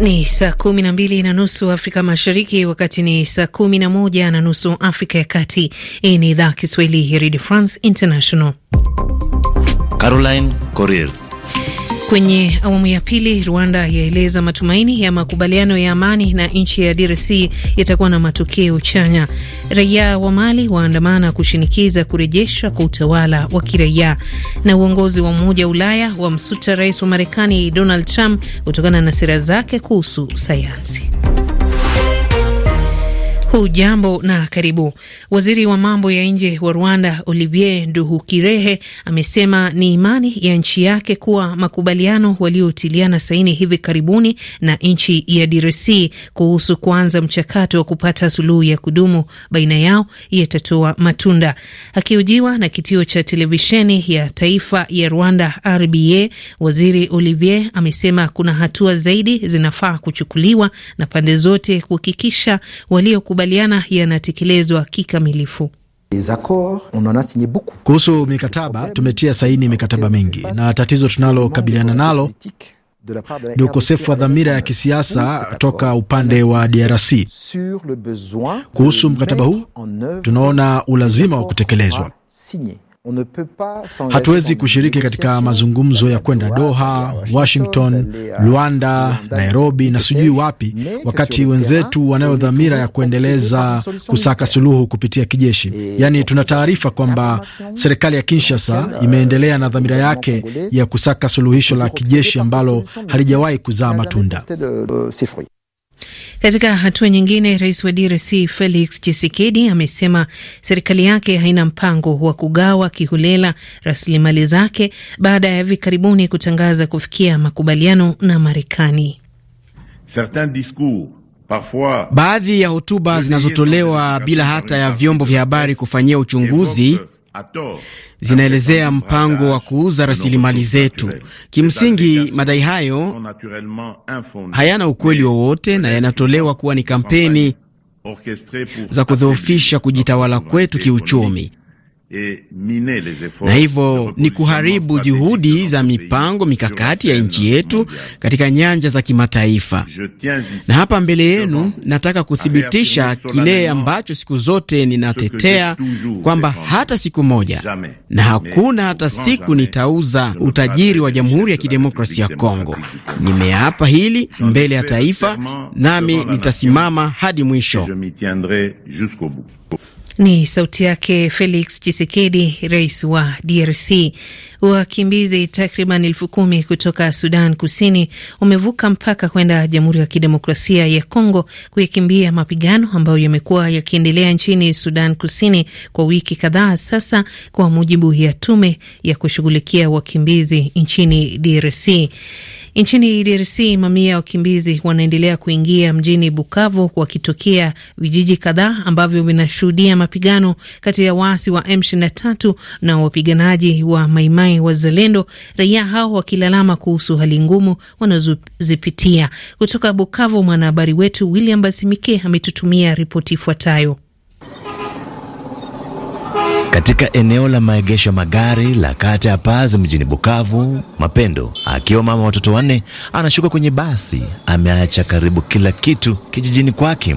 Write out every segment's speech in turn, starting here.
Ni saa kumi na mbili na nusu Afrika Mashariki, wakati ni saa kumi na moja na nusu Afrika ya Kati. Hii ni idhaa Kiswahili ya Redio France International. Caroline Corrier Kwenye awamu ya pili, Rwanda yaeleza matumaini ya makubaliano ya amani na nchi ya DRC yatakuwa na matokeo chanya. Raia wa Mali waandamana kushinikiza kurejeshwa kwa utawala wa kiraia. Na uongozi wa Umoja wa Ulaya wamsuta rais wa Marekani Donald Trump kutokana na sera zake kuhusu sayansi. Hujambo na karibu. Waziri wa mambo ya nje wa Rwanda Olivier Nduhukirehe amesema ni imani ya nchi yake kuwa makubaliano waliotiliana saini hivi karibuni na nchi ya DRC kuhusu kuanza mchakato wa kupata suluhu ya kudumu baina yao yatatoa matunda. Akihojiwa na kituo cha televisheni ya taifa ya Rwanda RBA, waziri Olivier amesema kuna hatua zaidi zinafaa kuchukuliwa na pande zote kuhakikisha walio makubaliana yanatekelezwa kikamilifu. Kuhusu mikataba, tumetia saini mikataba mingi, na tatizo tunalokabiliana nalo ni ukosefu wa dhamira ya kisiasa toka upande wa DRC. Kuhusu mkataba huu, tunaona ulazima wa kutekelezwa. Hatuwezi kushiriki katika mazungumzo ya kwenda Doha, Washington, Luanda, Nairobi na sijui wapi, wakati wenzetu wanayo dhamira ya kuendeleza kusaka suluhu kupitia kijeshi. E, yaani, tuna taarifa kwamba serikali ya Kinshasa uh, imeendelea na dhamira yake ya kusaka suluhisho la kijeshi ambalo halijawahi kuzaa matunda. Katika hatua nyingine, rais wa DRC Felix Tshisekedi amesema serikali yake haina mpango wa kugawa kiholela rasilimali zake baada ya hivi karibuni kutangaza kufikia makubaliano na Marekani. Baadhi ya hotuba zinazotolewa bila hata ya vyombo vya habari kufanyia uchunguzi zinaelezea mpango wa kuuza rasilimali zetu. Kimsingi, madai hayo hayana ukweli wowote na yanatolewa kuwa ni kampeni za kudhoofisha kujitawala kwetu kiuchumi. E na hivyo ni kuharibu juhudi za mipango mikakati ya nchi yetu katika nyanja za kimataifa. Na hapa mbele yenu nataka kuthibitisha kile ambacho siku zote ninatetea kwamba hata siku moja na hakuna hata siku nitauza utajiri wa Jamhuri ya Kidemokrasia ya Kongo. Nimeapa hili mbele ya taifa, nami nitasimama hadi mwisho. Ni sauti yake Felix Chisekedi, rais wa DRC. Wakimbizi takriban elfu kumi kutoka Sudan Kusini wamevuka mpaka kwenda Jamhuri ya Kidemokrasia ya Kongo kuyakimbia mapigano ambayo yamekuwa yakiendelea nchini Sudan Kusini kwa wiki kadhaa sasa, kwa mujibu ya tume ya kushughulikia wakimbizi nchini DRC. Nchini DRC, mamia ya wakimbizi wanaendelea kuingia mjini Bukavu wakitokea vijiji kadhaa ambavyo vinashuhudia mapigano kati ya waasi wa M23 na wapiganaji wa Maimai Wazalendo, raia hao wakilalama kuhusu hali ngumu wanazozipitia. Kutoka Bukavu, mwanahabari wetu William Basimike ametutumia ripoti ifuatayo katika eneo la maegesho magari la kata ya Paz mjini Bukavu. Mapendo akiwa mama watoto wanne anashuka kwenye basi, ameacha karibu kila kitu kijijini kwake.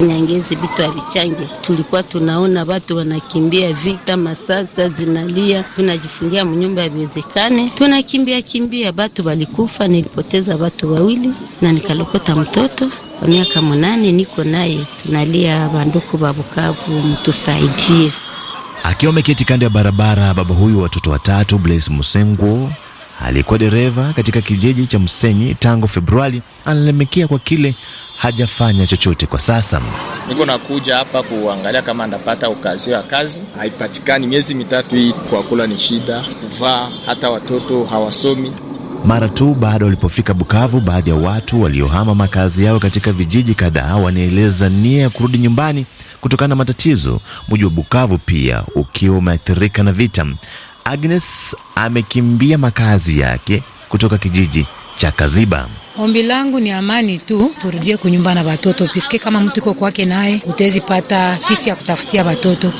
Nyangezi vitu avichange, tulikuwa tunaona watu wanakimbia vita, masasa zinalia, tunajifungia mnyumba yaviwezekane, tunakimbia kimbia. Watu walikufa, nilipoteza watu wawili na nikalokota mtoto miaka mnane niko naye, tunalia. Banduku babukavu, Bukavu, mtusaidie. Akiwa ameketi kando ya barabara, baba huyu watoto watatu, Blaise Musengo aliyekuwa dereva katika kijiji cha Msenyi tangu Februari, analemekea kwa kile hajafanya chochote kwa sasa. Niko nakuja hapa kuangalia kama ndapata ukazi wa kazi, haipatikani. Miezi mitatu hii kwa kula ni shida, kuvaa, hata watoto hawasomi. Mara tu baada walipofika Bukavu, baadhi ya watu waliohama makazi yao katika vijiji kadhaa wanaeleza nia ya kurudi nyumbani kutokana na matatizo, mji wa Bukavu pia ukiwa umeathirika na vita. Agnes amekimbia makazi yake kutoka kijiji cha Kaziba. Ombi langu ni amani tu, turudie kunyumba na watoto piske, kama mtu iko kwake naye utawezi pata fisi ya kutafutia watoto.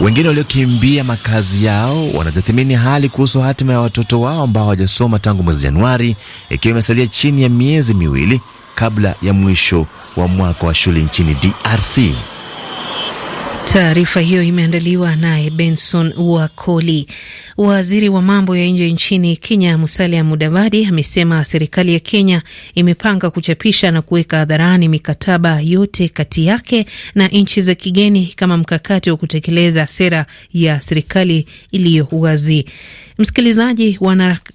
Wengine waliokimbia makazi yao wanatathmini hali kuhusu hatima ya watoto wao ambao hawajasoma tangu mwezi Januari, ikiwa imesalia chini ya miezi miwili kabla ya mwisho wa mwaka wa shule nchini DRC. Taarifa hiyo imeandaliwa naye Benson Wakoli. Waziri wa mambo ya nje nchini Kenya, Musalia Mudavadi, amesema serikali ya Kenya imepanga kuchapisha na kuweka hadharani mikataba yote kati yake na nchi za kigeni kama mkakati wa kutekeleza sera ya serikali iliyo wazi. Msikilizaji,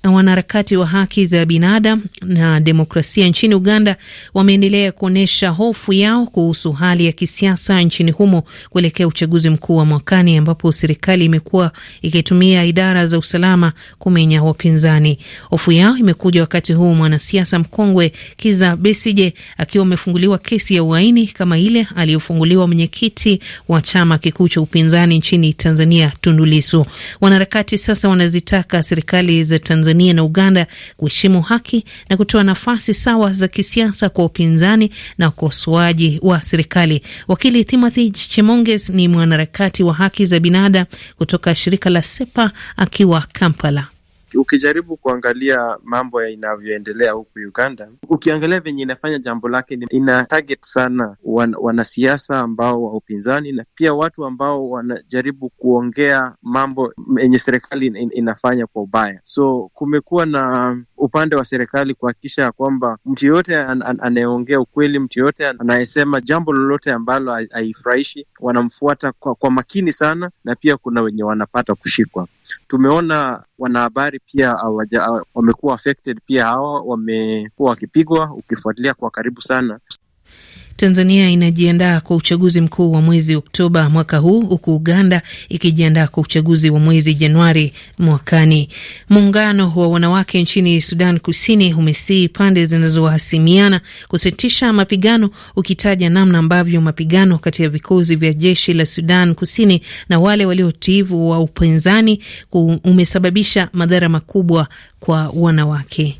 wanaharakati wa haki za binadamu na demokrasia nchini Uganda wameendelea kuonyesha hofu yao kuhusu hali ya kisiasa nchini humo kuelekea kuelekea uchaguzi mkuu wa mwakani ambapo serikali imekuwa ikitumia idara za usalama kumenya wapinzani. Hofu yao imekuja wakati huu mwanasiasa mkongwe Kiza Besije akiwa amefunguliwa kesi ya uhaini kama ile aliyofunguliwa mwenyekiti wa chama kikuu cha upinzani nchini Tanzania, tundulisu Wanaharakati sasa wanazitaka serikali za Tanzania na Uganda kuheshimu haki na kutoa nafasi sawa za kisiasa kwa upinzani na ukosoaji wa serikali. Wakili Timothy Chemonges ni mwanaharakati wa haki za binadamu kutoka shirika la Sepa akiwa Kampala. Ukijaribu kuangalia mambo inavyoendelea huku Uganda, ukiangalia venye inafanya jambo lake, ina target sana wan, wanasiasa ambao wa upinzani na pia watu ambao wanajaribu kuongea mambo yenye serikali in, inafanya kwa ubaya. So kumekuwa na upande wa serikali kuhakikisha ya kwamba mtu yoyote an, an, anayeongea ukweli, mtu yoyote anayesema jambo lolote ambalo haifurahishi, wanamfuata kwa, kwa makini sana, na pia kuna wenye wanapata kushikwa. Tumeona wanahabari pia wamekuwa affected pia, hawa wamekuwa wakipigwa, ukifuatilia kwa karibu sana Tanzania inajiandaa kwa uchaguzi mkuu wa mwezi Oktoba mwaka huu huku Uganda ikijiandaa kwa uchaguzi wa mwezi Januari mwakani. Muungano wa wanawake nchini Sudan Kusini umesii pande zinazohasimiana kusitisha mapigano, ukitaja namna ambavyo mapigano kati ya vikosi vya jeshi la Sudan Kusini na wale waliotiivu wa upinzani umesababisha madhara makubwa kwa wanawake.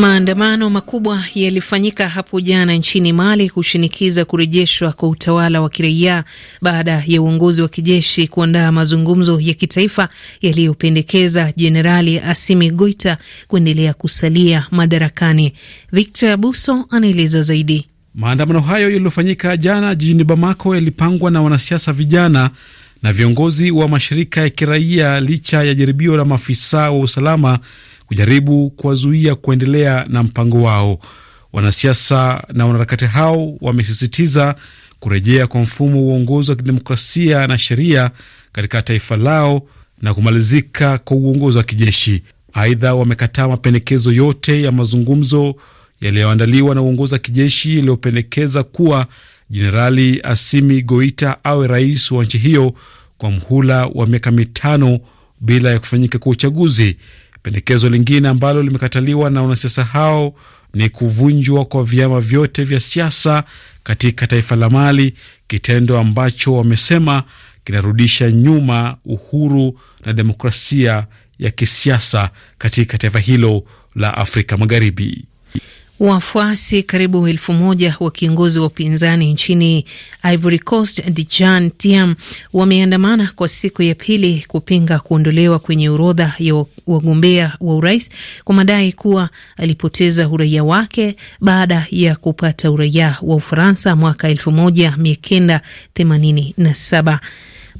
Maandamano makubwa yalifanyika hapo jana nchini Mali kushinikiza kurejeshwa kwa utawala wa kiraia baada ya uongozi wa kijeshi kuandaa mazungumzo ya kitaifa yaliyopendekeza Jenerali Asimi Goita kuendelea kusalia madarakani. Victor Buso anaeleza zaidi. Maandamano hayo yaliyofanyika jana jijini Bamako yalipangwa na wanasiasa vijana na viongozi wa mashirika ya kiraia licha ya jaribio la maafisa wa usalama kujaribu kuwazuia kuendelea na mpango wao. Wanasiasa na wanaharakati hao wamesisitiza kurejea kwa mfumo wa uongozi wa kidemokrasia na sheria katika taifa lao na kumalizika kwa uongozi wa kijeshi. Aidha, wamekataa mapendekezo yote ya mazungumzo yaliyoandaliwa na uongozi wa kijeshi yaliyopendekeza kuwa Jenerali Asimi Goita awe rais wa nchi hiyo kwa mhula wa miaka mitano bila ya kufanyika kwa uchaguzi. Pendekezo lingine ambalo limekataliwa na wanasiasa hao ni kuvunjwa kwa vyama vyote vya siasa katika taifa la Mali, kitendo ambacho wamesema kinarudisha nyuma uhuru na demokrasia ya kisiasa katika taifa hilo la Afrika Magharibi. Wafuasi karibu elfu moja wa kiongozi wa upinzani nchini Ivory Coast Tidjane Thiam wameandamana kwa siku ya pili kupinga kuondolewa kwenye orodha ya wagombea wa urais kwa madai kuwa alipoteza uraia wake baada ya kupata uraia wa Ufaransa mwaka elfu moja themanini saba.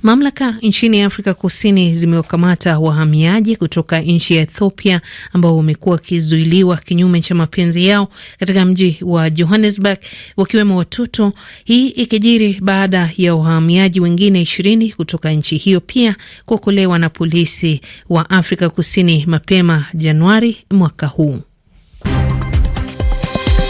Mamlaka nchini Afrika Kusini zimewakamata wahamiaji kutoka nchi ya Ethiopia ambao wamekuwa wakizuiliwa kinyume cha mapenzi yao katika mji wa Johannesburg, wakiwemo watoto. Hii ikijiri baada ya wahamiaji wengine ishirini kutoka nchi hiyo pia kuokolewa na polisi wa Afrika Kusini mapema Januari mwaka huu.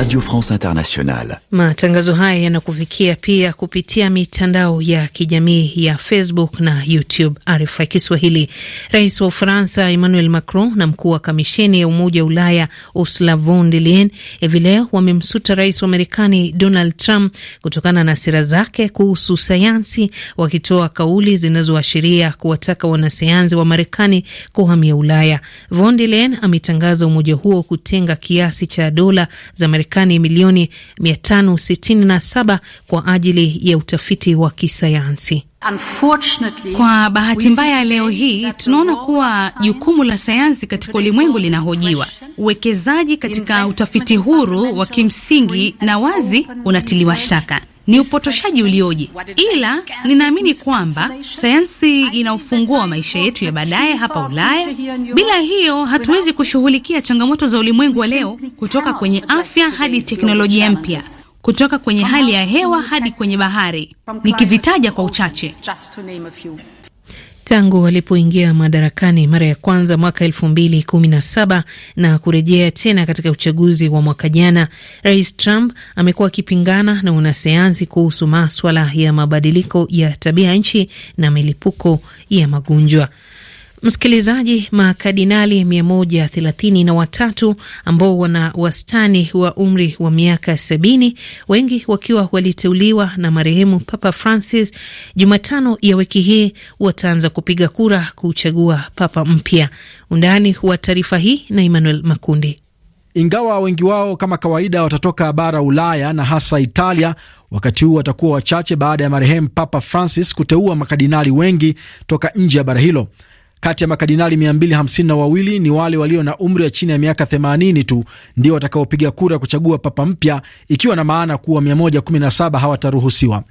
Radio France Internationale. Matangazo haya yanakufikia pia kupitia mitandao ya kijamii ya Facebook na YouTube RFI Kiswahili. Rais wa Ufaransa Emmanuel Macron na mkuu wa kamisheni ya Umoja wa Ulaya Ursula von der Leyen hivi leo wamemsuta rais wa Marekani Donald Trump kutokana na sera zake kuhusu sayansi, wakitoa kauli zinazoashiria kuwataka wanasayansi wa Marekani kuhamia Ulaya. Von der Leyen ametangaza umoja huo kutenga kiasi cha dola za Marekani Marekani milioni 567 kwa ajili ya utafiti wa kisayansi. Kwa bahati mbaya, leo hii tunaona kuwa jukumu la sayansi katika ulimwengu linahojiwa. Uwekezaji katika utafiti huru wa kimsingi na wazi unatiliwa shaka ni upotoshaji ulioje, ila ninaamini kwamba sayansi ina ufunguo wa maisha yetu ya baadaye hapa Ulaya. Bila hiyo, hatuwezi kushughulikia changamoto za ulimwengu wa leo, kutoka kwenye afya hadi teknolojia mpya kutoka kwenye hali ya hewa hadi kwenye bahari, nikivitaja kwa uchache. Tangu alipoingia madarakani mara ya kwanza mwaka elfu mbili kumi na saba na kurejea tena katika uchaguzi wa mwaka jana, Rais Trump amekuwa akipingana na wanasayansi kuhusu maswala ya mabadiliko ya tabia nchi na milipuko ya magonjwa. Msikilizaji, makardinali mia moja thelathini na watatu ambao wana wastani wa umri wa miaka sabini, wengi wakiwa waliteuliwa na marehemu Papa Francis, Jumatano ya wiki hii wataanza kupiga kura kuchagua papa mpya. Undani wa taarifa hii na Emmanuel Makundi. Ingawa wengi wao kama kawaida watatoka bara Ulaya na hasa Italia, wakati huu watakuwa wachache baada ya marehemu Papa Francis kuteua makardinali wengi toka nje ya bara hilo. Kati ya makardinali 252 ni wale walio na umri wa chini ya miaka 80 tu ndio watakaopiga kura kuchagua papa mpya, ikiwa na maana kuwa 117 hawataruhusiwa.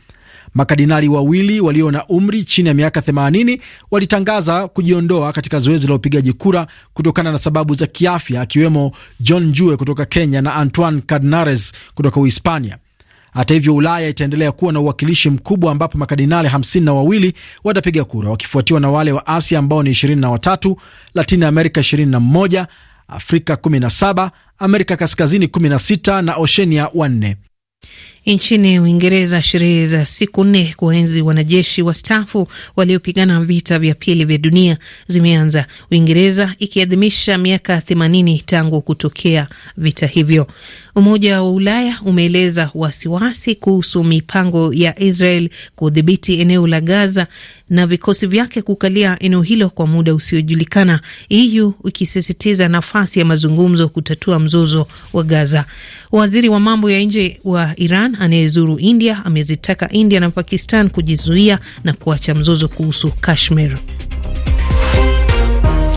Makadinali wawili walio na umri chini ya miaka 80 walitangaza kujiondoa katika zoezi la upigaji kura kutokana na sababu za kiafya, akiwemo John Jue kutoka Kenya na Antoine Cardnares kutoka Uhispania. Hata hivyo, Ulaya itaendelea kuwa na uwakilishi mkubwa ambapo makadinali hamsini na wawili watapiga kura wakifuatiwa na wale wa Asia ambao ni 23, Latini Amerika 21, Afrika 17, Amerika Kaskazini 16 na Oshenia wanne. Nchini Uingereza, sherehe za siku nne kuwaenzi wanajeshi wastaafu waliopigana vita vya pili vya dunia zimeanza, Uingereza ikiadhimisha miaka 80 tangu kutokea vita hivyo. Umoja wa Ulaya umeeleza wasiwasi kuhusu mipango ya Israel kudhibiti eneo la Gaza na vikosi vyake kukalia eneo hilo kwa muda usiojulikana, EU ikisisitiza nafasi ya mazungumzo kutatua mzozo wa Gaza. Waziri wa mambo ya nje wa Iran Sudan anayezuru India amezitaka India na Pakistan kujizuia na kuacha mzozo kuhusu Kashmir.